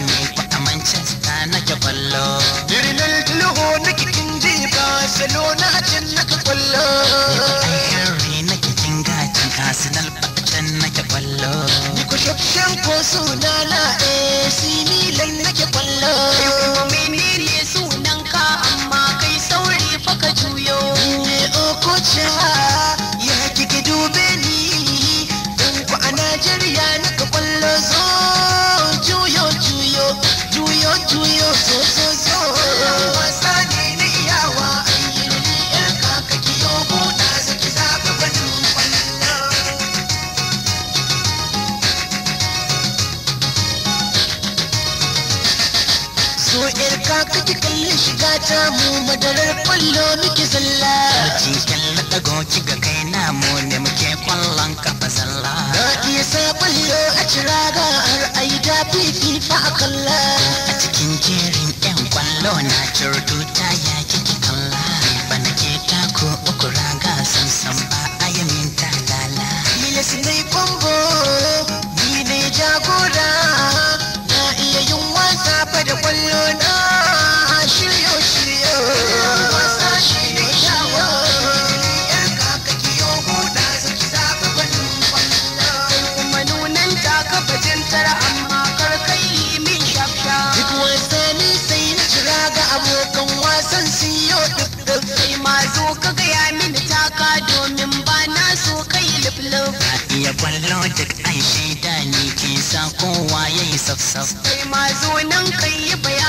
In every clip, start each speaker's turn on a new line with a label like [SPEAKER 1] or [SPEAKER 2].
[SPEAKER 1] ne makamancin na ke kwallo birnin luhu nake kin ji barcelona can nake kwallo henry nake kin gajin arsenal ba can nake kwallo ni ku shafshen ko suna na ac yar ka kake kallon shiga ta mu madarar kwallo muke zalla Sarki kyalla ta goci ga kai na mu ne muke kwallon kafa zalla Na iya sa a ciraga har a yi dafi a kalla A cikin jerin yan kwallo na ciro son siyo duk kai ma zo ka gaya mini taka domin ba na so kai lif-lif iya kwallo duk ai shaida ne ke sa kowa yayi yi saf-saf kai ma zo nan kai yi bayan.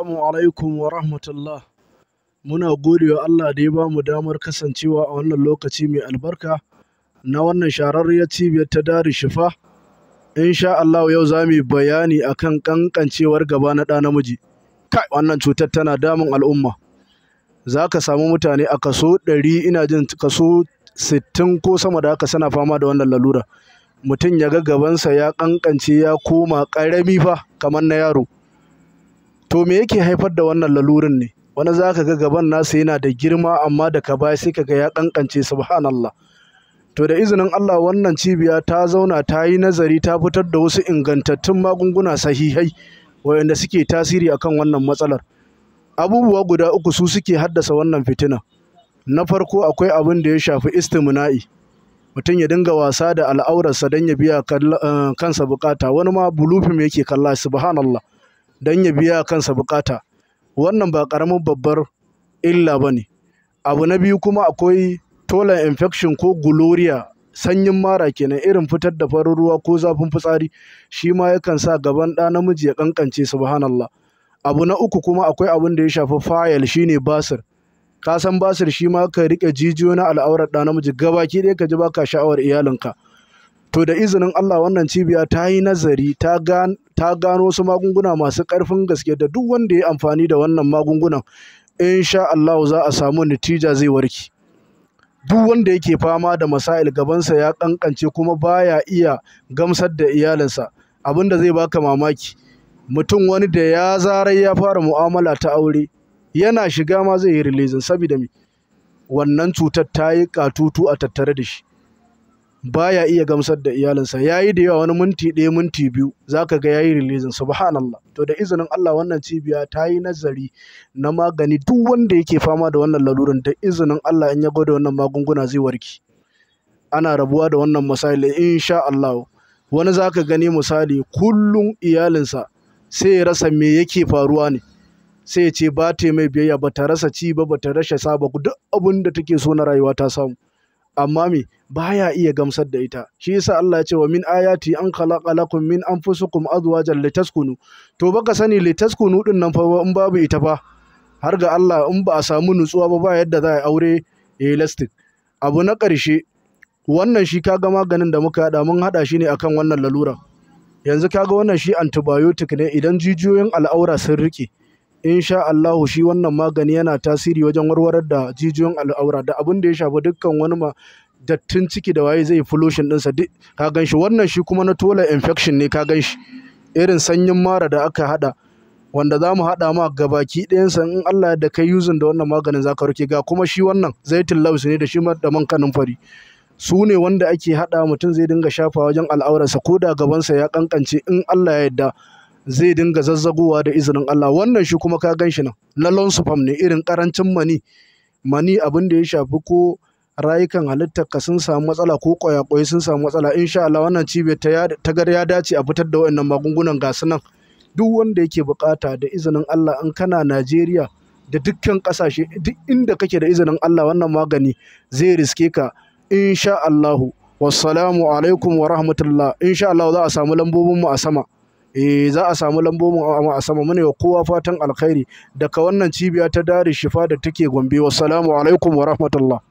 [SPEAKER 2] Assalamu alaikum wa rahmatullah. Muna godewa Allah da ya ba mu damar kasancewa a wannan lokaci mai albarka na wannan shararriyar cibiyar ta Dari Shifa. Insha Allah yau za mu bayani akan kankancewar gaba na ɗa namiji. Kai wannan cutar tana damun al'umma. Za ka samu mutane a kaso ɗari ina jin kaso sittin ko sama da haka sana fama da wannan lalura. Mutum ya ga gabansa ya kankance ya koma ƙarami fa kamar na yaro. to me yake haifar da wannan lalurin ne wani za ka ga gaban nasa yana da girma amma da ka baya sai ka ga ya ƙanƙance subhanallah to da izinin Allah wannan cibiya ta zauna ta yi nazari ta fitar da wasu ingantattun magunguna sahihai wayanda suke tasiri akan wannan matsalar abubuwa guda uku su suke haddasa wannan fitina na farko akwai abin da ya shafi istimna'i mutum ya dinga wasa da al'aurarsa don ya biya eh, kansa bukata wani ma bulufin yake kalla subhanallah don ya biya kansa bukata wannan ba karamin babbar illa ba ne abu na biyu kuma akwai tolan infection ko gloria sanyin mara kenan irin fitar da farin ruwa ko zafin fitsari shi ma yakan sa gaban ɗa namiji ya kankance subhanallah abu na uku kuma akwai abin da ya shafi fayil shine basir ka san basir shi ma ka rike jijiyo na al'aurar ɗa namiji gabaki ɗaya ka ji baka sha'awar iyalinka to da izinin Allah wannan cibiya ta yi nazari ta gano wasu magunguna masu ƙarfin gaske da duk wanda ya amfani da wannan magungunan sha Allah za a samu natija zai warke duk wanda yake fama da masail gabansa ya kankance kuma baya iya gamsar da iyalinsa abinda zai baka mamaki mutum wani da ya zarar ya fara mu'amala ta aure yana shiga ma zai yi releasing saboda me wannan cutar ta yi katutu a tattare da shi baya iya gamsar da iyalinsa Ya yi da yawa wani minti ɗaya minti biyu Za ka ga ya yayi rilizin subhanallah to da izinin Allah wannan cibiya ta yi nazari na magani duk wanda yake fama da wannan laluran da izinin Allah in ya gwada wannan magunguna zai warke ana rabuwa da wannan misali insha Allah wani ka gani misali kullum iyalinsa sai ya rasa me yake faruwa ne sai ya ce ba ta mai biyayya ba ta rasa ci ba ba ta rasa saba duk abinda da take so na rayuwa ta samu amma me baya iya gamsar da ita shi yasa Allah ya ce wa min ayati an khalaqa lakum min anfusikum azwajan litaskunu to baka sani litaskunu din nan fa in babu ita fa har ga Allah in ba a samu nutsuwa ba ba yadda za a aure elastic abu na ƙarshe wannan shi kaga maganin da muka haɗa mun haɗa shi ne akan wannan lalura yanzu kaga wannan shi antibiotic ne idan jijiyoyin al'aura sun rike In sha Allahu shi wannan magani yana tasiri wajen warwarar da jijiyoyin al'aura da abin da ya shafi dukkan wani ma dattin ciki da waye zai pollution ɗinsa duk ka gan wannan shi kuma na tola infection ne ka gan irin sanyin mara da aka haɗa wanda za mu haɗa ma gabaki ɗayansa in Allah da kai using da wannan maganin za ka ga kuma shi wannan zaitun laus ne da shi da man kanin fari su ne wanda ake haɗa mutum zai dinga shafa wajen al'aurarsa ko da gabansa ya kankance in Allah ya yarda zai dinga zazzagowa da izinin Allah wannan shi kuma ka gan shi nan lalon fam ne irin karancin mani mani abin da ya shafi ko rayukan halittar ka sun samu matsala ko kwayakwai sun samu matsala insha Allah wannan cibiyar ta tagar ya dace a fitar da wa'annan magungunan gasu nan duk wanda yake bukata da izinin Allah in kana Najeriya da dukkan kasashe duk inda kake da izinin Allah wannan magani zai riske ka insha Allah wassalamu alaikum wa rahmatullah insha Allah za a samu lambobin mu a sama eh za a samu lambobin a sama mune wa kowa fatan alkhairi daga wannan cibiya ta dare shifa da take gombe Salamu alaikum wa rahmatullah